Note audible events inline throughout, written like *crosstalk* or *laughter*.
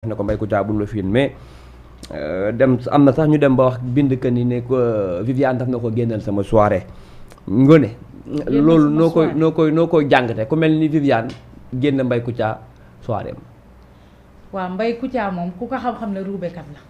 ne ko Mbaye Kouthia bul la fiin mais euh, dem am na sax ñu dem ba wax bind que ni ne ko euh, Viviane daf na ko génneel sama soirée ngone loolu noo koy noo koy noo koy jàngate ku mel ni Viviane génn Mbaye Kouthia soirée am waaw Mbaye moom ku ko xam-xam ne ruubekat la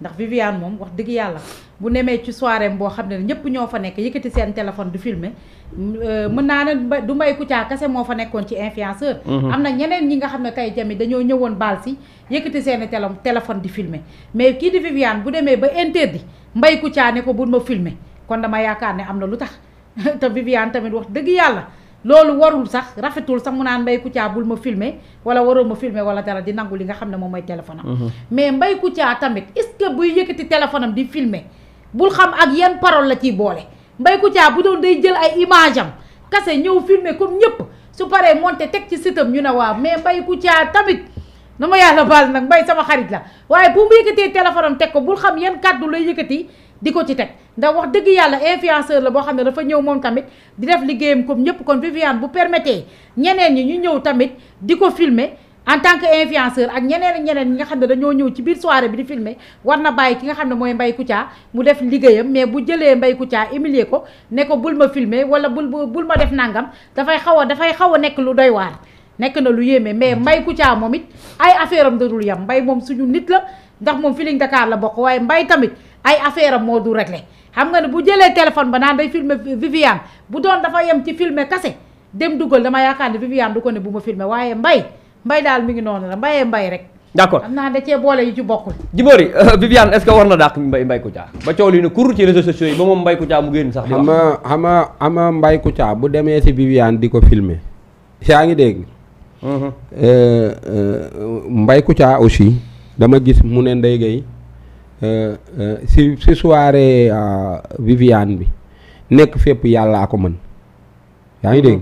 ndax Viviane moom wax dëgg yàlla bu nemee ci soirée boo xam ne ñëpp ñoo fa nekk yëkkati seen téléphone du filmer euh, mën naa ne du mbay Kouthia kese moo fa nekkoon ci influenceur mhm. am na ñeneen ñi nga xam ne tey jami dañoo ñëwoon baal si yëkkati seen télé téléphone di filmer mais kii di Viviane bu demee ba interdit mbay Kouthia ne ko bu ma filme kon dama yaakaar ne am na lu tax *laughs* te Viviane tamit wax dëgg yàlla loolu warul sax rafetul sax mu naan Mbaye Kouthia bul ma filmer wala waroo ma filmer wala dara di nangu li nga xam ne moom mooy téléphone mhm. mais Mbaye Kouthia tamit est-ce buy yëkkati téléphone am di filmer bul xam ak yan parole la ciy boole Mbaye Kouthia bu doon day jël ay image am kase ñëw filmer comme ñëpp su paree moonte teg ci sitam ñu ne waaw mais Mbaye Kouthia tamit na ma yàlla baal nag mbay sama xarit la waaye bu mu yëkkatee téléphone teg ko bul xam yan kàddu lay yëkkati di ko ci teg ndax wax dëgg yàlla influenceur la boo xam ne dafa ñëw moom tamit di def liggéeyam ko ñëpp ko Viviane bu permettre ñeneen ñi ñu ñëw tamit di ko filmer en tant que influenceur ak ñeneen ak ñeneen ñi nga xam ne dañoo ñëw ci biir soirée bi di filmer war na bàyyi ki nga xam ne mooy Mbaye Kouthia mu def liggéeyam mais bu jëlee Mbaye Kouthia humilier ko ne ko bul ma filmer wala bul bul ma def nangam dafay xaw a dafay xaw a nekk lu doy waar nekk na lu yéeme mais Mbaye Kouthia moom it ay affaire am dadul yam Mbaye moom suñu nit la ndax moom Feeling Dakar la bokk waaye Mbaye tamit ay affaire am moo du réglé xam nga ne bu jëlee téléphone ba naan day filmer Viviane bu doon dafa yem ci filmer kase dem dugal dama yaakaar ne Viviane du ko ne bu ma filmer waaye mbay mbay daal mi ngi noonu la mbayee mbay rek. d'accord xam naa da boole yu ci bokkul. Djibori euh, Viviane est que war na dàq Mbaye Mbaye Kouthia ba coow li ne kur ci réseaux sociaux yi ba moom Mbaye Kouthia mu génn sax. di wax xama xama xama bu demee si Viviane di ko filmer yaa ngi dégg. Mhm. Euh, euh, Mbaye Kouthia aussi dama gis mu ne Ndeye Gueye Eh, eh, si si soirée ah, Viviane bi nekk fépp yàllaa ko mën yaa ngi dégg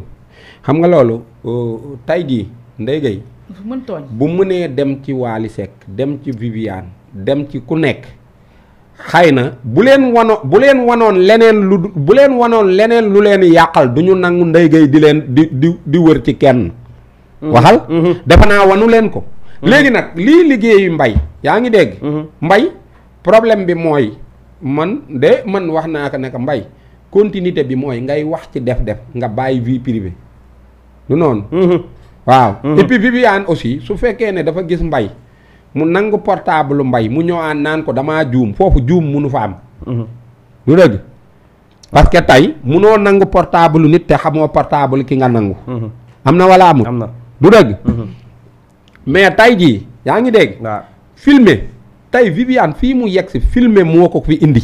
xam nga loolu oh, tay jii Ndeye Gueye mën tooñ bu mënee dem ci Waly Seck dem ci Viviane dem ci ku nekk xay na bu leen wano bu leen wanoon leneen lu bu leen wanoon leneen lu leen yàqal du ñu nangu Ndeye Gueye di leen di di di wër ci kenn mhm. waxal mhm. defe naa wanu leen ko mhm. léegi nag lii liggéeyu mbay yaa ngi dégg mbay problème bi mooy man de man wax naa ko ne mbay continuité bi mooy ngay wax ci def-def nga bàyyi vie privée du noonu. Mhm. waaw. Mhm. et puis Viviane aussi su fekkee ne dafa gis mbay mu nangu portable mbay mu ñëwaan naan ko damaa juum foofu juum munu fa am. Mhm. du dëgg parce que tey munoo nangu portable nit te xamoo portable ki nga nangu. am na wala amul. am na du dëgg. mais tey jii yaa ngi dégg. waaw tey Viviane fii mu yeg si filmer moo ko fi indi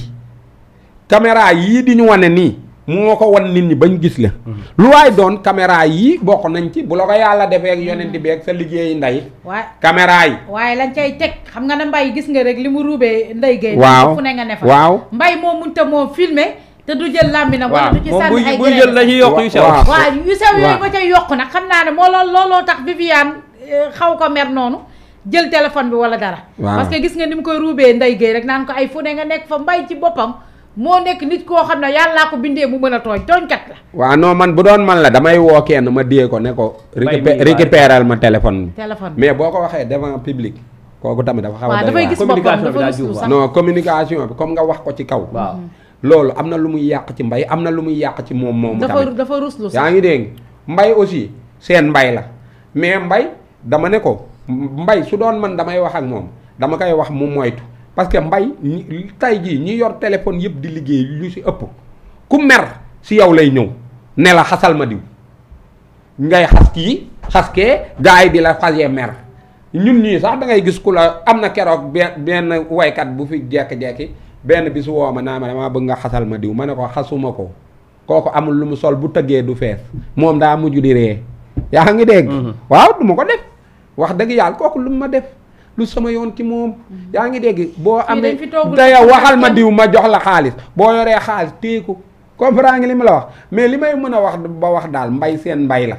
caméra yii di ñu wane nii moo ko wan nit ñi bañ gis la. Mm-hmm. lu waay doon caméra yii bokk nañ ci bu la ko yàlla defee ak yonent bi ak sa liggéey nday waay caméra yi. waaye lañ cay teg xam nga ne mbay gis nga rek li mu ruubee nday gay waaw fu ne nga ne fa waaw mbay moo te moo filmer. te du jël làmbi nag wala du ci sànni ay buy jël dañuy yokk yu sew waaw yu sew yooyu ba ca yokk nag xam naa ne moo lool looloo tax Viviane euh, xaw ko mer noonu jël téléphone bi wala dara. parce que gis nga ni mu koy ruubee ndey géey rek naan ko ay fu ne nga nekk fa mbay ci boppam moo nekk nit koo xam ne yàllaa ko bindee mu mën a tooñ tooñkat la. waa noo man bu doon man la damay woo kenn ma dee ko ne ko. récupéral ma téléphone téléphone mais boo ko waxee devant public. kooku tamit dafa xaw a dafay gis boppam dafa gis sax non communication bi wax ko ci kaw. Mm-hmm. loolu am na lu muy yàq ci mbay am na lu muy yàq ci moom moomu. dafa dafa ruslu ngi dégg mbay aussi seen mbay la mais mbay dama ne ko. mbay su doon man damay wax ak moom dama koy wax mu moytu parce que mbay tay jii ñi yor téléphone yëpp di liggéey lu si ëpp ku mer si yow lay ñëw ne la xasal ma diw ngay xas kii xas kee gars yi la xasee mer ñun ñii sax da ngay gis ku la am na keroog benn waykat bu fi jekki-jekki benn bis woo ma naa ma dama bëgg nga xasal ma diw ma ne ko xasuma ko kooku amul lu mu sol bu tëggee du fees moom daa mujj di ree yaa ngi dégg mm-hmm. waaw du ko def wax dëgg yàlla kooku lu ma def lu sama yoon ci moom. Mm. yaa ngi dégg boo amee daya waxal ma diw ma jox la xaalis boo yoree xaalis téye ko comprendre nga li ma la wax mais li may mën a wax ba wax daal mbay seen mbay la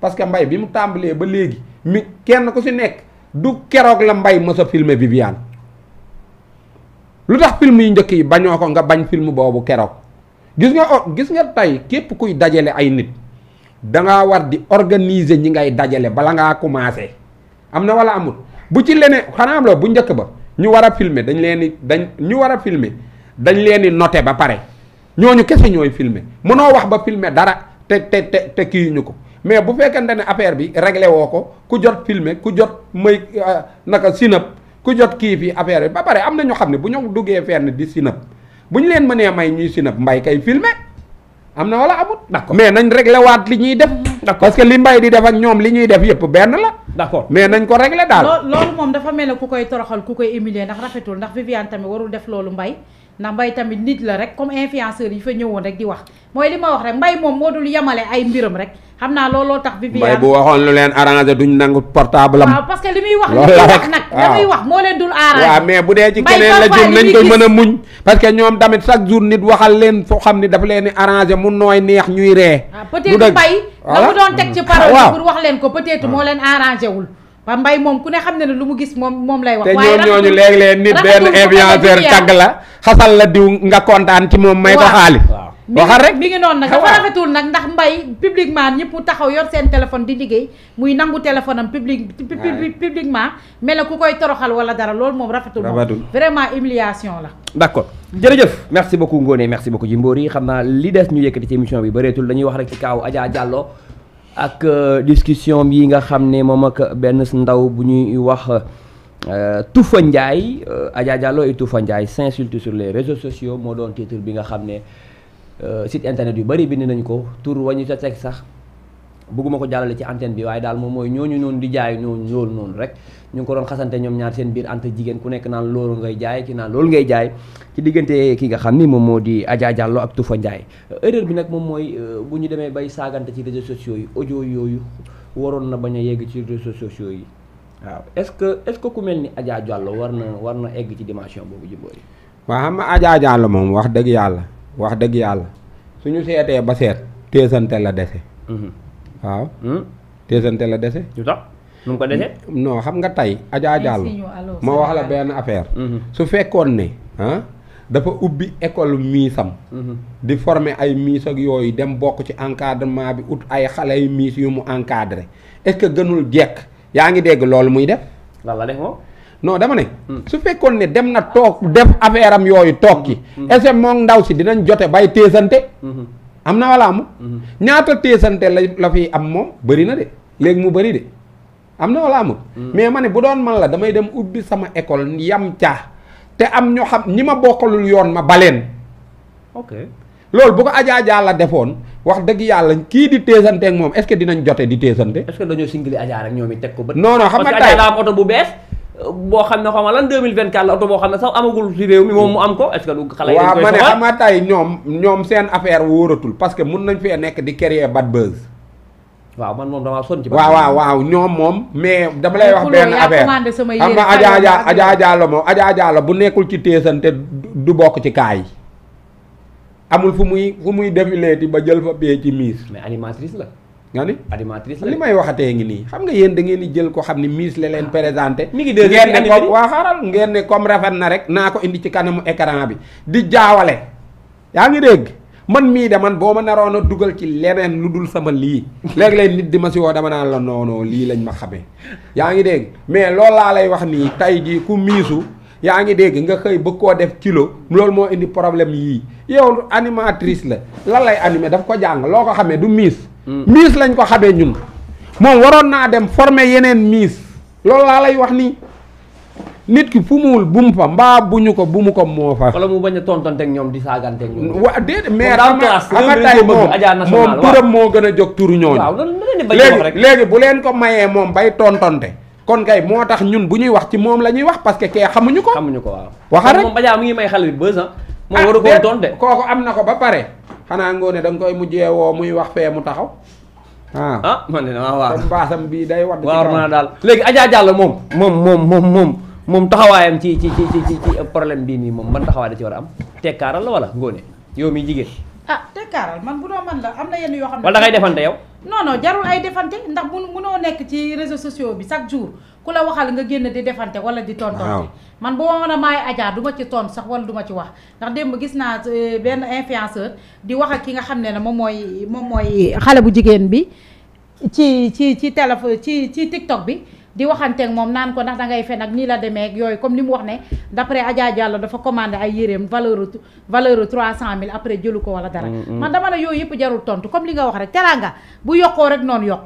parce que mbay bi mu tàmbalee ba léegi mi kenn ku si nekk du keroog la mbay mës a filmer Viviane lu tax film yi njëkk yi bañoo ko nga bañ film boobu keroog gis nga o gis nga tey képp kuy dajale ay nit danga war di organiser ñi ngay dajale bala ngaa commencer. am na wala amut bu ci leneen xanaa am la bu njëkk ba ñu war a filmer dañ leen di dañ ñu war a filmer dañ leen di noter ba pare ñooñu kese ñooy filmer mënoo wax ba filmer dara te te te te kii ñu ko mais bu fekkente ne affaire bi réglé woo ko ku jot filmer ku jot may euh, naka sinap ku jot kii fi affaire bi ba pare am na ñoo xam ne bu ñu duggee fenn di sinap bu ñu leen mënee may ñuy sinap mbay kay filmer am na wala amut. d'accord mais nañ réglé waat li ñuy def. ndax parce que li mbay di def ak ñoom li ñuy def yëpp benn la. d'accord mais nañ ko régler daal. loolu moom dafa mel ne ku koy toroxal ku koy humilier ndax rafetul ndax Viviane tamit warul def loolu mbay ndax mbay tamit nit la rek comme influenceur yi fa ñëwoon rek di wax mooy li ma wax rek mbay moom moo dul yemale ay mbiram rek xam naa looloo tax. Viviane mbay bu waxoon lu leen arrangé duñ nangu portable am. waaw parce que li muy wax. loolu la rek nag la muy wax moo leen dul arrangé. waaw mais bu dee ci keneen la jëm nañ ko mën a muñ. parce que ñoom tamit chaque jour nit waxal leen foo xam ni daf leen di arrangé mu nooy neex ñuy ree. Ah, du dëgg peut-être mbay. la mu ah. doon ah, leen ko peut-être leen arrangé wul waa mbay moom ku ne xam ne ne lu mu gis moom moom lay wax. te ñoo ñooñu léeg-léeg nit benn influenceur tagg la xasal la diw nga kontaan ci moom may ko xaalis. waxal rek mi ngi noonu nag dafa rafetul nag ndax mbay publiquement ñëpp mu taxaw yor seen téléphone di liggéey muy nangu téléphone am public publiquement mel na ku koy toroxal wala dara loolu moom rafetul moom vraiment umiliation la d'accord jërëjëf merci beaucoup Ngoné merci beaucoup Jimbori xam naa li des ñu yëkkati ci bi bareetul dañuy wax rek ci kaaw Adja ak euh, discussion bi nga xam ne moom ak benn ndaw bu ñuy wax euh, Toufa Ndiaye euh, Adja Diallo et Toufa Ndiaye s'insultent sur les réseaux sociaux moo doon titre bi nga xam ne site internet yu bëri bind nañ ko tur wañu ca teg sax bëgguma ko jàllale ci antenne bi waaye daal moom mooy ñooñu noonu di jaay ñooñu loolu noonu rek ñu ngi ko doon xasante ñoom ñaar seen biir anta jigéen ku nekk naan loolu ngay jaay ki naan loolu ngay jaay ci diggante ki nga xam ni moom moo di Adja Diallo ak Toufa Ndiaye erreur bi nag moom mooy euh, bu ñu demee bay saagante ci réseaux sociaux yi audio yooyu waroon na bañ a yegg ci réseaux sociaux yi waaw est-ce que est-ce que ku mel ni Adja war na war na egg ci dimension boobu jubóor yi. waaw xam moom wax dëgg yàlla wax dëgg yàlla suñu seetee ba seet teesante la dese. Mm-hmm. waaw. Hmm? teesante la dese. lu tax nu ko dese. non xam nga tey. Adja Diallo ma wax la benn affaire. Hmm. su fekkoon ne ah. dafa ubbi école miisam. Hmm. di forme ay miis ak yooyu dem bokk ci encadrement bi ut ay xale yu miis yu mu encadre est que gënul jekk yaa ngi dégg loolu muy def. lan la def moom. ne. su fekkoon ne dem na toog def affaire am yooyu toog ki est-ce ndaw si dinañ jote bay teesante. am na wala amul mhm. ñaata téesante la la fi am moom bëri na de léegi mu bëri de am na wala amul mhm. mais ma ne bu doon man la damay dem ubbi sama école yam caa te am ñoo xam ñi ma bokkalul yoon ma baleen ok loolu bu ko Adja Dia la defoon wax dëgg yàlla kii di teesante ak moom est dinañ jote di teesante. est dañoo singili Adja rek teg ko bët. non non xam nga tey parce que am oto bu bees. boo xam ne xaw ma lan 2024 la oto boo xam ne sax amagul ci réew mi moom mu am ko est-ce que du xale waaw ma ne xam nga tey ñoom ñoom seen affaire wóoratul parce que mun nañ fee nekk di créer bad buzz waaw man moom damaa sonn ci waaw waaw waaw ñoom moom mais dama lay wax benn affaire am nga ajaaja ajaajaalo moom ajaajaalo bu nekkul ci téesante du bokk ci kaay amul fu muy fu muy défilé ti ba jël fa pee ci miis mais animatrice la nga ni animatrice la li may waxatee ngi nii xam nga yéen da ngeen di jël ko xam ni miis la leen présenté mi ngi ngeen ne ko waa xaaral ngeen ne comme rafet na rek naa ko indi ci kanamu écran bi di jaawale yaa ngi dégg man mii de man boo ma naroon a dugal ci leneen lu dul sama lii léeg-léeg nit di ma si woo dama naan la noonoo lii lañ ma xamee yaa ngi dégg mais loolu laa lay wax nii tey jii ku miisu yaa ngi dégg nga xëy bëgg koo def kilo loolu moo indi problème yii yow animatrice la lan lay animé daf ko jàng loo ko xamee du miis miis lañ ko xamee ñun moom waroon naa dem former yeneen miis loolu laa lay wax nii nit ki fu muwul bu mu fa mbaa bu ñu ko bu mu ko moo fa. wala mu bañ a tontanteeg ñoom di saagante ñoom. wa déedéet mais xam nga tey moom moom turam moo gën a jóg turu ñooñu. waaw léegi léegi bu leen ko mayee moom bay tontonte. kon kay moo tax ñun bu ñuy wax ci moom la ñuy wax parce que kee xamuñu ko. xamuñu ko waaw. waxal rek moom Adja mu ngi may xel bi bës ah. moo ah, waru ko tonte kooku am na ko ba pare. xanaa ngoone da koy mujjee woo muy wax fee mu taxaw. ah ah man de damaa waar. baasam bii day wadd. waaw a daal léegi Adja Diallo moom. moom moom moom moom moom taxawaayam ci ci ci ci ci problème bii nii moom man taxawaay da ci war a am tekkaaral la wala ngoone yow mi jigéen. ah tekkaaral man bu doo man la am na yenn yoo xam ne. wala da ngay defante yow. non non jarul ay defante ndax bu munoo nekk ci réseaux sociaux bi chaque jour. ku la waxal nga génn di defante wala di tontonte man boo ma a maay Adja duma ci ton sax wala duma ci wax ndax démb gis naa euh, benn influenceur di wax ak ki nga xam ne ne moom mooy moom mooy xale bu jigéen bi ci ci ci téléphone ci ci TikTok bi di waxanteeg moom naan ko ndax dangay fen ak nii la demee ak yooyu comme li mu wax ne d'après Adja Diallo dafa commandé ay yéreem valeur valeur trois cent mille après jëlu ko wala dara man dama la yooyu yëpp jarul tontu comme li nga wax rek teraanga bu yokkoo rek noonu yokk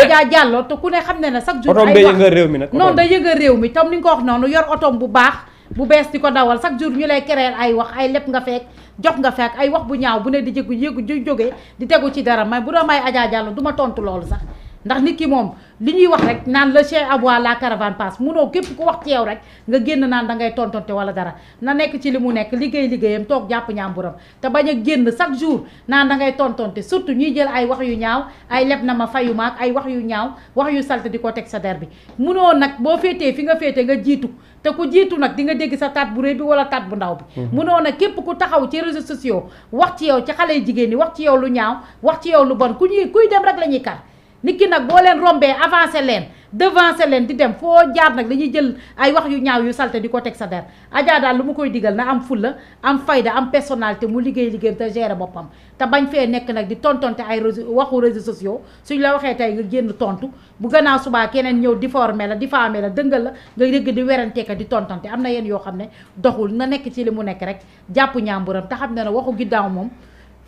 Adja Diallo te ku ne ne ne chaque jour ay wax noonu da yëngal réew mi tam li nga ko wax noonu yor otom bu baax bu bees di ko dawal chaque jour ñu lay créer ay wax ay lépp nga fekk jox nga fekk ay wax bu ñaaw bu ne di jëgu yëgu jóge di tegu ci dara may bu doon may Adja du ma tontu loolu sax ndax nit ki moom li ñuy wax rek naan le chien aboie la caravane passe munoo képp ku wax ci yow rek nga génn naan dangay ngay tontonte wala dara na nekk ci li mu nekk liggéey liggéeyam toog jàpp ñaamburam te bañ a génn chaque jour naan da ngay tontonte surtout ñuy jël wax yu ñaaw ay leb na ma fayu ma ay wax yu ñaaw wax yu salte di ko teg sa der bi munoo nag boo féetee fi nga féete nga jiitu te ku jiitu nag di nga dégg sa taat bu rëy wala taat bu ndaw bi mhm. munoo nag képp ku taxaw ci réseaux sociaux wax ci yow ci xale yi jigéen ñi wax ci yow lu ñaaw wax ci yow lu bon ku ñuy kuy dem rek la ñuy kar nit ki nag boo leen rombee avancé leen devancé leen di dem foo jaar nag dañuy jël ay wax yu ñaaw yu salte di ko teg sa der Adja daal lu mu koy digal na am fulla am fayda am personnalité mu liggéey liggéeyam te gérer boppam te bañ fee nekk nag di tontonte ay réseaux waxu réseaux sociaux suñ la waxee tey nga génn tontu bu gannaaw subaa keneen ñëw difformer la diffamer la dëngal la nga dégg di weranteeka di tontonte am na yéen yoo xam ne doxul na nekk ci li mu nekk rek jàpp ñaamburam te xam ne ne waxu giddaaw moom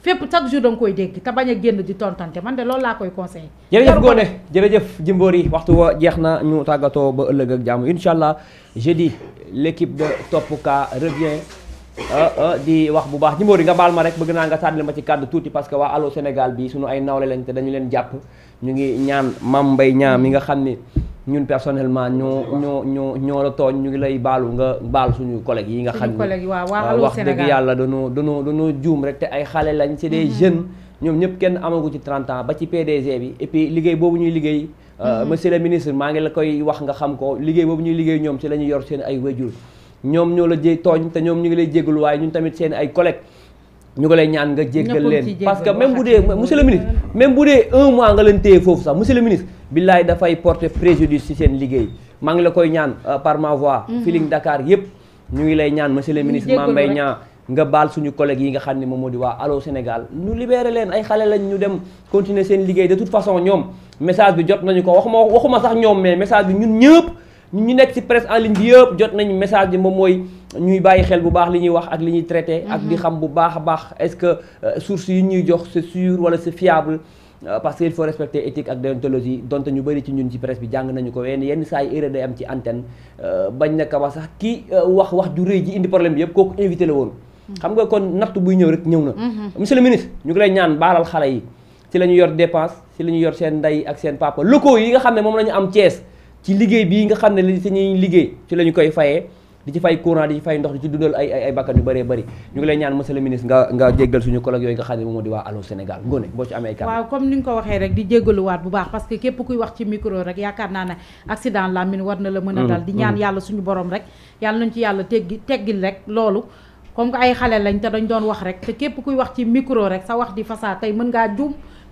fépp chaque jour da koy dégg te bañ a génn di tontante man de loolu laa koy conseillé. jërëjëf Ngoné jërëjëf Jimbori yi waxtu wa jeex na ñu tàggatoo ba ëllëg ak jàmm incha allah jeudi l' équipe de Top Cas revient ah, ah, di wax bu baax Jimbori nga baal ma rek bëgg naa nga sàddal ma ci kàddu tuuti parce que waa Allô Sénégal bi suñu ay nawle te dañu leen jàpp ñu ngi ñaan Mame Mbaye Niang mi nga xam ni ñun personnellement ñoo ñoo ñoo ñoo la tooñ ñu ngi lay baalu nga baal suñu collègues yi nga xam ni wax dëgg yàlla danoo danoo danoo juum rek te ay xale lañ c'est des mhm. jeunes ñoom ñëpp kenn amagu ci 30 ans ba ci PDG bi et liggéey boobu ñuy liggéey euh, mhm. monsieur le ministre maa ngi la koy wax nga xam ko liggéey boobu ñuy liggéey ñoom ci la ñuy yor seen ay wéjur ñoom ñoo la jé tooñ te ñoom ñu ngi lay jégalu waaye ñun tamit seen ay collègues ñu ko lay ñaan nga jéggal leen parce que même bu dee monsieur le ministre bu dee un mois nga leen téye billaay dafay porter préjudice ci seen liggéey maa ngi la koy ñaan euh, par ma voix. Mhm. Feeling Dakar yëpp ñu ngi lay ñaan monsieur le ministre Mame Mbaye Niang nga baal suñu collège yi nga xam ne moom moo di waa Allô Sénégal ñu libéré leen ay xale lañ ñu dem continuer seen liggéey de toute façon ñoom message bi jot nañu ko waxuma waxuma sax ñoom mais message bi ñun ñëpp ñu nekk ci presse en ligne bi jot nañu message bi moom mooy ñuy bàyyi xel bu baax li ñuy wax ak li ñuy traité. ak di mhm. xam bu baax a baax est-ce que euh, source yi ñuy jox c'est sûr wala c'est fiable. Euh, parce que il faut respecter éthique ak déontologie donte ñu bëri ci ñun ci presse bi jàng nañu ko wenn yenn saa yi erreur day am ci antenne euh, bañ na kawa sax kii euh, wax wax ju rëy ji indi problème bi yëpp kooku invité la woon hmm. xam nga kon natt buy ñëw rek ñëw na hmm, hmm. monsieur le ministre ñu ngi lay ñaan baalal xale yi ci la ñu yor dépense ci la ñu yor seen ndey ak seen papa locaux yi nga xam ne moom la ñu am Thiès ci liggéey bii nga xam ne li ñuy liggéey ci la ñu koy fayee di ci fay courant di ci fay ndox di ci dundal ay ay ay bakkan yu bëree bëri ñu ngi lay ñaan monsieur le ministre nga nga jéggal suñu collègue yooyu nga xam ne moom moo di waa Allô Sénégal Ngoné boo ci amee ay kàddu waaw comme ni nga ko waxee rek di jéggaluwaat bu baax parce que képp kuy wax ci micro rek yaakaar naa ne accident lamine war na la mën a mm, dal di ñaan mm. yàlla suñu borom rek yàlla nañ ci yàlla teggi teggil rek loolu comme que ay xale lañ te dañ doon wax rek képp kuy wax ci micro rek sa wax di fasaa tey mën ngaa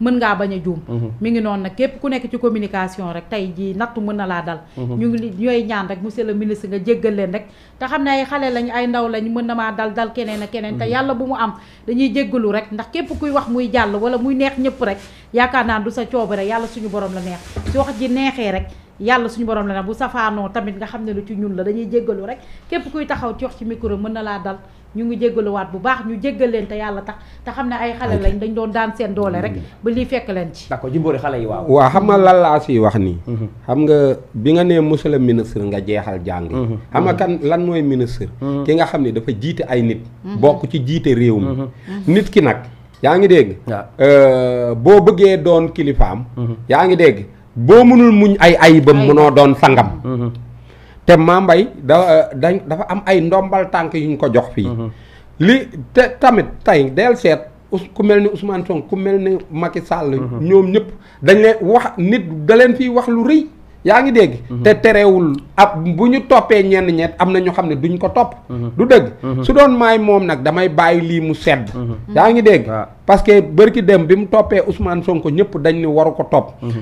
mën ngaa bañ a juum mhm. mi ngi noon nag képp ku nekk ci communication rek tey ji nattu mën na laa dal mhm. ñu ngi ñooy ñaan rek monsieur le ministre nga jéggal leen rek te xam ne ay xale lañ ay ndaw lañu mën na maa dal dal keneen a keneen te mhm. yàlla bu mu am dañuy jéggalu rek ndax képp kuy wax muy jàll wala muy neex ñëpp rek yaakaar naa du sa coobare yàlla suñu borom la neex si wax ji neexee rek yàlla suñu borom la nag bu safaanoo tamit nga xam ne lu ci ñun la dañuy jéggalu rek képp kuy taxaw ci wax ci micro mën na laa dal ñu ngi jéggaluwaat bu baax ñu jéggal leen te yàlla tax te xam ne ay xale lañ dañ doon daan seen doole rek mm-hmm. ba lii fekk leen ci d'accord jimboori yi waaw waaw xam nga lan laa siy wax nii mm-hmm. xam nga bi nga nee monsieur le ministre nga jeexal jàng yi mm-hmm. xam nga kan lan mooy ministre ki nga xam ne dafa jiite ay nit bokk ci jiite réew mi nit ki nag yaa ngi dégg euh, bëggee doon kilifaam yaa ngi dégg boo mënul muñ ay ayibam mënoo doon sangam. Mm-hmm. te Mame da dañ dafa am ay ndombal tànk yuñ ko jox fii. Mm-hmm. li te tamit tey del seet ku mel ni Ousmane Sonko ku mel ni Macky Sall. Mm-hmm. ñoom ñëpp dañ leen wax nit da leen fii wax lu rëy. yaa ngi dégg. te terewul ab bu ñu toppee ñenn ñett am na ñoo xam ne duñ ko topp. du dëgg. su doon maay moom nag damay bàyyi lii mu sedd. yaa ngi dégg. Ah. parce que bërki dem bi mu toppee Ousmane Sonko ñëpp dañ ni waru ko topp.